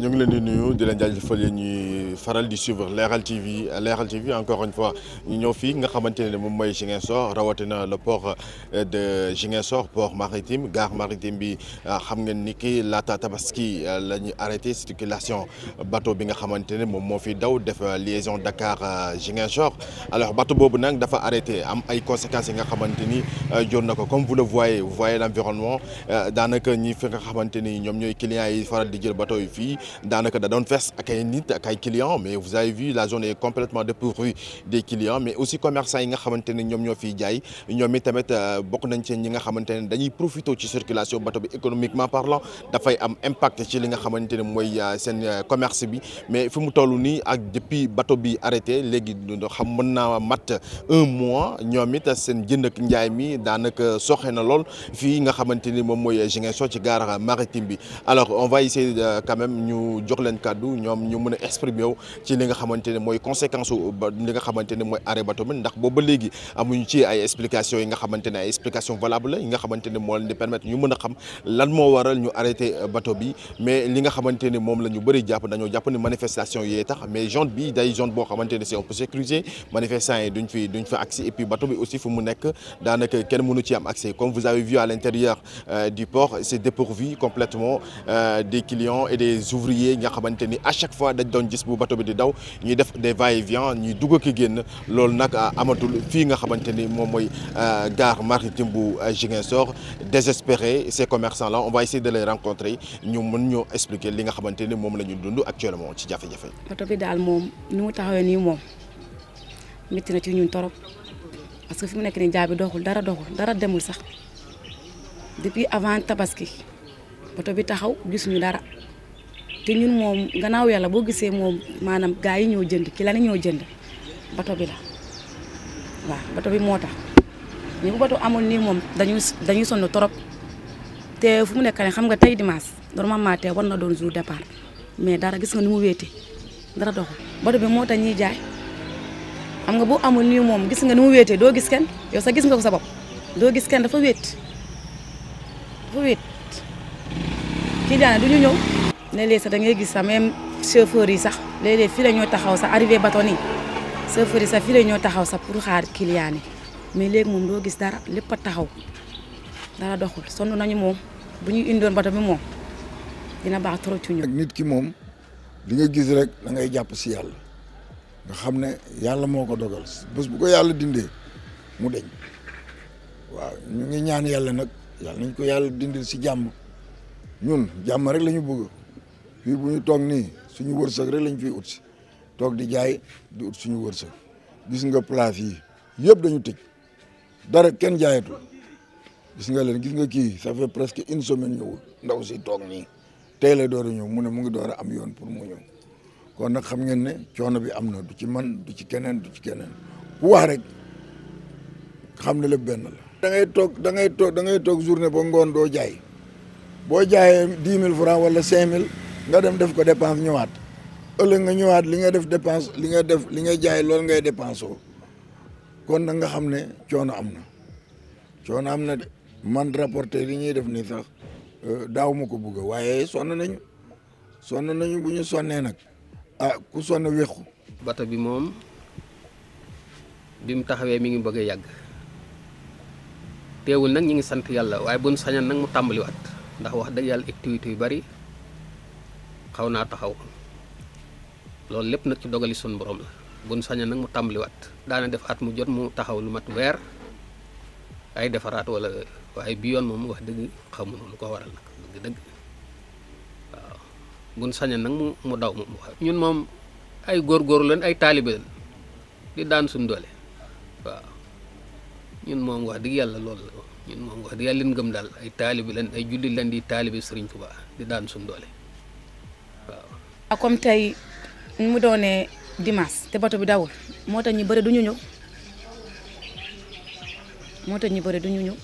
ñu ngi leen di nuyu di leen jaajëfal faral di suivre Leral TV Leral TV encore une fois ñu ñëw fii nga xamante ne moom mooy Ziguinchor rawatina le port euh, de Ziguinchor port maritime gare maritime bi euh, xam nga ni ki laata tabaski euh, la ñu arrêté circulation bateau bi nga xamante ne moom moo fi daw def liaison Dakar Ziguinchor alors bateau boobu nag dafa arrêté am ay conséquences yi nga xamante ni jur na ko comme vous le voyez vous voyez l'environnement daanaka ñi fi nga xamante ni ñoom ñooy clients yi faral di jël bateau yi fii daanaka da doon ak nit ak ay clients mais vous avez vu la zone est complètement des clients mais aussi commerçants yi nga xamante ñoom ñoo fiy jaay ñoom i tamit euh, bokk nañ ci nga xamante ne dañuy profité ci circulation bateau bi économiquement parlant dafay am impact ci li nga xamante mooy euh, seen euh, commerce bi mais fi mu toll nii ak depuis bateau bi arrêté léegi xam mën naa mat un mois ñoom it seen jënd njaay mi daanaka soxe na lool fii nga xamante ni moom mooy Ziguinchor ci gare maritime bi alors on va essayer quand même a exprimer ñëw ci li nga xamante ne mooy conséquence li nga xamante mooy arrêt bateau bi ndax booba léegi amuñu ci ay explication yi nga xamante a xam lan moo moom la ñu jàpp dañoo jàpp ni manifestation yee tax mais zone bi day zone boo xamante ci am accès comme vous avez vu à l'intérieur euh, du port c'est dépourvu complètement euh, des clients et des ouvriers nga xamante à chaque fois dañ doon gis bu bateau bi di daw ñuy def de va-et-vient ñuy ki ak génn loolu nag euh, amatul fii nga xamante ni moom mooy euh, gare maritime bu euh, Ziguinchor désespéré se commerçants là on va essayer de les rencontrer ñu mën ñoo expliquer li nga xamante ni moom la ñu dund actuellement ci jafe-jafe. bateau bi daal moom ni mu taxawee nii moom métti na ci ñu torop parce que fi mu nekk nii jaabi doxul dara doxul dara demul sax depuis avant tabaski bateau bi taxaw gisuñu dara. te ñun moom gannaaw yàlla boo gisee moom maanaam gaa yi ñoo jënd ki la ne ñoo jënd bato bi la waaw bato bi moo tax ñu bu bato nii moom dañu dañuy sonn trop te fu mu nekk ne xam nga tey dimanche normalement tey na doon jour départ mais dara gis ni mu wéete dara doxul bi moo tax ñuy jaay xam nga bu amul nii moom gis nga ni mu wéetee doo gis kenn yow sa gis nga ko sa bopp doo gis kenn dafa wéet dafa wéet kii daana du ñu ñëw léeg-léeg sax da ngay gis sax même chauffeur yi sax léeg-léeg la ñoo taxaw sax arrivé baton yi chauffeur sax fii ñoo taxaw sax pour xaar client yi mais léegi moom doo gis dara lépp a taxaw dara doxul sonn nañu moom bu ñu indoon bato bi moom dina baax trop ci ñu nit ki moom li gis rek da ngay jàpp si yàlla nga xam ne yàlla moo ko dogal bés bu ko yàlla dindee mu deñ waaw ñu ngi ñaan yàlla nag yàlla nañ ko yàlla dindil si jàmm ñun jàmm rek lañu ñu fii bu ñu toog nii suñu wërsëg rek lañ fi ut si toog di jaay di ut suñu wërsëg gis nga place yi yëpp dañu tëj dara kenn jaayatul gis nga leen gis nga kii ça fait presque une semaine ñëwul ndaw si toog nii tey la door a ñëw mu ne mu ngi door a am yoon pour mu ñëw kon nag xam ngeen ne coono bi am na du ci man du ci keneen du ci keneen ku wax rek xam ne lépp benn la. da ngay toog da ngay toog da ngay toog journée boo ngoon doo jaay boo jaayee dix mille francs wala cinq mille. nga dem def ko dépense ñëwaat ëllëg nga ñëwaat li nga def dépense li nga def li nga jaay loolu ngay dépense oo kon nag nga xam ne coono am na coono am na de man rapporté li ñuy def nii sax euh, daaw ma ko bugg waaye sonn nañu sonn nañu bu ñu sonnee nag ah ku sonn wéqu bato bi moom bi mu taxawee mi ngi bëgg a yàgg teewul nag ñu ngi sant yàlla waaye buñ sañan nag mu tàmbaliwaat ndax wax dëgg yàlla activité yu bari xaw naa taxaw loolu lépp nag ci dogali sun borom buñ saña nag mu tàmbaliwaat daana def at mu jot mu taxaw lu mat weer ay defaraat wala waaye bi yoon wax dëgg xamuñu lu ko waral nag dëgg nag mu mu daw ñun moom ay góorgóorlu leen ay taalibe leen di daan suñ doole waaw ñun moom wax dëgg yàlla lool la ñun moom wax dëgg yàlla leen gëm daal ay taalibe leen ay julli leen di taalibe Sëriñ Tuubaa di daan suñ doole ak comme tey mu doonee dimaas te bato bi dawul moo tax ñu bëri du ñu ñëw moo tax ñu bëri du ñu ñëw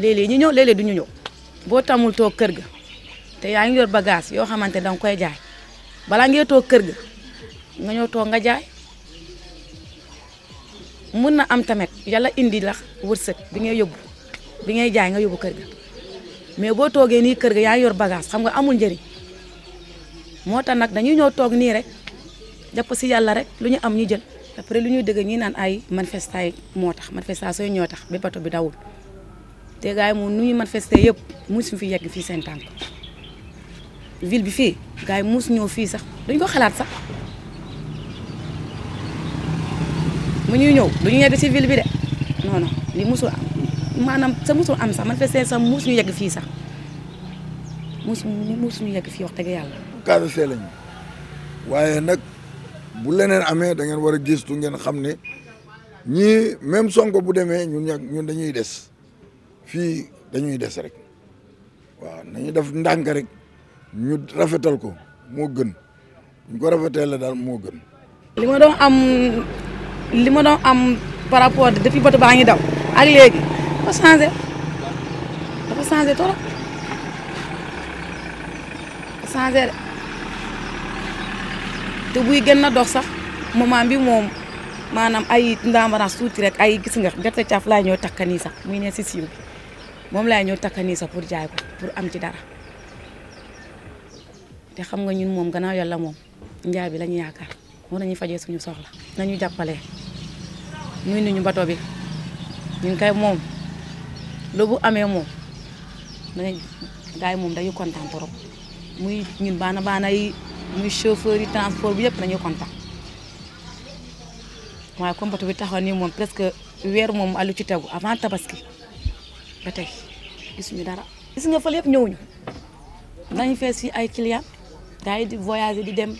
léeg ñu ñëw léeg du ñu ñëw boo tamul toog kër ga te yaa ngi yor bagage yoo xamante ne danga koy jaay balaa ngay toog kër ga nga ñëw toog nga jaay mun na am tamit yalla indi la wërsëg bi ngay yóbbu bi ngay jaay nga yóbbu kër ga mais boo toogee nii kër ga yaa yor bagage xam nga amul njëriñ. moo tax nag dañuy ñëw toog nii rek jàpp si yàlla rek lu ñu am ñu jël après lu ñuy dëgg ñi naan ay manifesta moo tax manifestation yi ñoo tax ba bato bi dawul te gars yi nu ñu manifesté yëpp musuñu fi yegg fii seen tànk ville bi fii yi musu ñëw fii sax duñ ko xalaat sax mu ñuy ñëw duñu yegg si ville bi de non non li musul maanaam sa musul am sax manifesté sax musuñu yegg fii sax musu musuñu yegg fii wax dëgg yàlla carrossé lañ waaye nag bu leneen amee dangeen ngeen war a gistu ngeen xam ne ñii même Sonko bu demee ñun ñag ñun dañuy des fii dañuy des rek waaw nañu def ndànk rek ñu rafetal ko moo gën ñu ko rafetal la daal moo gën. li ma doon am li ma doon am par rapport depuis bato baa ngi daw ak léegi dafa changé dafa changé trop dafa de. te buy gën na dox sax maam bi moom maanaam ay ndambarance tuuti rek ay gis nga gerte caaf laa ñoo takka nii sax muy ne si siiw moom laa ñoo takka nii sax pour jaay pour am ci dara te xam nga ñun moom gannaaw yàlla moom njaay bi lañu ñu yaakaar war fajee suñu soxla nañu jàppale muy nuñu bato bi ñun kay moom lu bu amee moom danañ gaay moom dañu kontaan trop muy ñun baana baana muy chauffeur yi transport bi yëpp nañu kontaan waaye comme bato bi taxaw nii moom presque weer moom àllu ci tegu avant tabaski ba tey gisuñu dara gis nga fële yëpp ñëwuñu nañu fees fii ay client gars yi di voyager di dem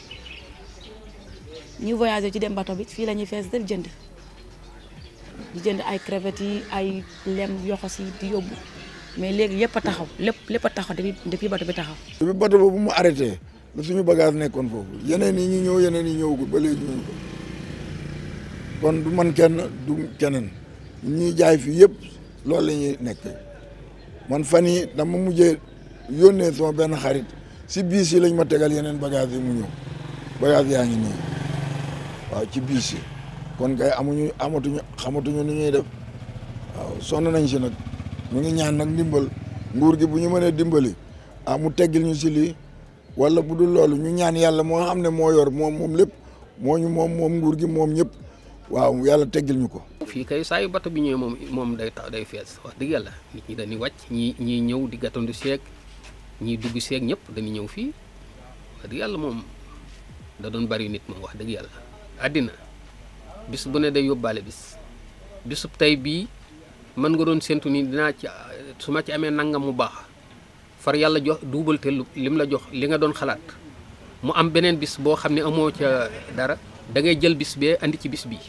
ñu voyager ci dem bato bi fii la fees def jënd di jënd ay crevettes yi ay lem yoxos yi di yóbbu mais léegi yëpp a taxaw lépp lépp a taxaw depuis depuis bato bi taxaw. depuis bato boobu mu arrêté. la suñu bagage nekkoon foofu yeneen yi ñu ñëw yeneen yi ñëwagul ba léegi ñëw kon du man kenn du keneen ñu jaay fii yëpp loolu lañuy nekk man fan yi dama mujje yónnee sama benn xarit si biis yi lañ ma tegal yeneen bagage yi mu ñëw bagage yaa ngi nii waaw ci biis yi kon kay amuñu amatuñu xamatuñu ni ñuy def waaw nañ si nag ñu ngi ñaan nag ndimbal nguur gi bu ñu mënee dimbali ah mu teggil ñu si wala bu dul loolu ñu ñaan yàlla moo am ne moo yor moom moom lépp moo moom moom nguur gi moom ñëpp waaw yàlla teggil ñu ko. fii kay saa yu bato bi ñëwee moom moom day taw day fees wax dëgg yàlla nit ñi dañuy wàcc ñi ñiy ñëw di du seek ñiy dugg seeg ñëpp dañuy ñëw fii wax dëgg yàlla moom da doon bari nit moom wax dëgg yàlla. àddina bis bu ne day yóbbaale bis bisub tey bii mën nga doon séntu ni dinaa ci su ma ci amee nangam mu baax. far yàlla jox duubal te lim la jox li nga doon xalaat mu am beneen bis boo xam ne amoo ca dara dangay jël bis bee indi ci bis bii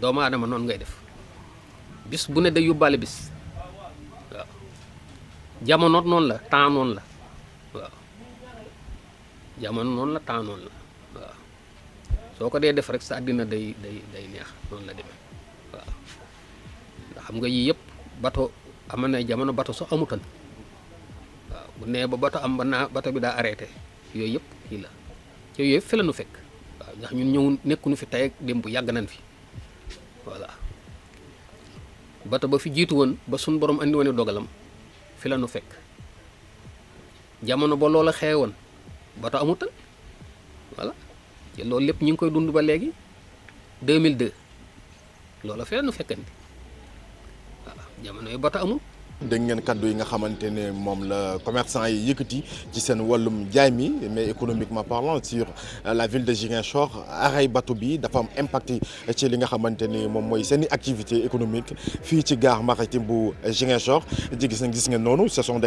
doomu aadama noonu ngay def bis bu ne day yóbbaale bis waaw jamono noonu la temps noonu la waaw jamono noonu la temps noonu la waaw soo ko dee def rek sa àddina day day day neex noonu la ndax xam nga yii yëpp bato. amoon na jamono bato sax amutoon waaw bu nee ba bato am ba naa bato bi daa arrêté yooyu yëpp kii la yooyu yëpp fi la nu fekk waaw ndax ñun ñëw nekkuñu fi tey ak démb yàgg nañ fi voilà bato ba fi jiitu woon ba suñ borom andi woon dogalam fi la nu fekk jamono ba loola xewe woon bato amutoon voilà loolu lépp ñu ngi koy dund ba léegi 2002 loola fi la nu fekkandi jamonoy bato amul dégg ngeen kaddu yi nga xamante ne moom la commercant yi yëkkati ci seen wàllum njaay mi mais économiquement parlant sur euh, la ville de Ziguinchor arrêt bateau bi dafa am impact ci li nga xamante ni moom mooy seen i activité économique fii ci gare maritime bu Ziguinchor ji gis na gis ngeen noonu ce sont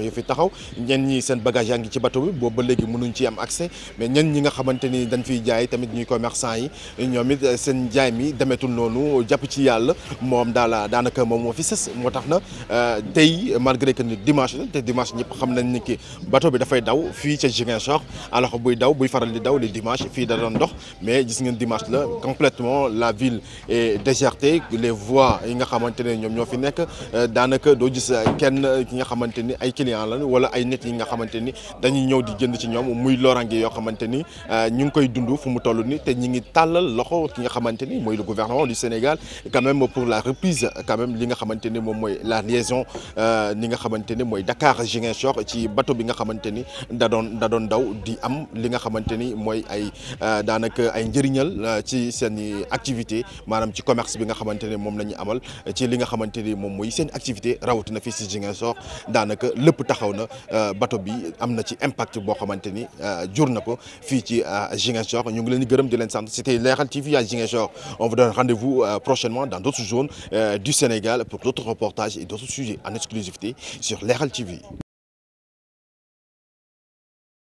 yu fi taxaw ñen ñi seen bagage ngi ci bateau bi boobu ba léegi mënuñ ci am accès mais ñen ñi nga xamante ni dañ fiy jaay tamit ñuy commerçant yi ñoom it seen jaay mi demetul noonu jàpp ci yàlla moom daala daanaka moom moo fi ses moo tax na euh, tey malgré que ni dimanche te dimanche ñëpp xam nañ ni ki bateau bi dafay daw fii ca Ziguinchor alors buy daw buy faral di daw les dimanches fii da doon dox mais gis ngeen dimanche la complètement la ville est désertée les voies yi nga xamante ne ñoom ñoo fi nekk euh, daanaka doo gis kenn ki nga xamante ni ay clients la wala ay nit yi nga xamante ni dañuy ñëw di jënd ci ñoom muy lorange yoo xamante ni euh, ñu ngi koy dund fu mu toll ni te ñi ngi tàllal loxo ki ni mooy le gouvernement du Sénégal quand même pour la reprise quand même li direction euh, ni nga xamante ni mooy Dakar Ziguinchor ci bateau bi nga xamante ni da doon da doon daw di am li nga xamante ni mooy ay euh, daanaka ay njëriñal euh, ci seen activité maanaam ci commerce bi nga xamante ni moom la ñu amal ci li nga xamante ni moom mooy seen activité rawatina fii si Ziguinchor daanaka lépp taxaw na bateau bi am na ci impact boo xamante ni jur na ko fii ci Ziguinchor ñu ngi leen di gërëm di leen sant c'était Leral TV à Ziguinchor on vous donne rendez-vous en exclusivité sur Leral TV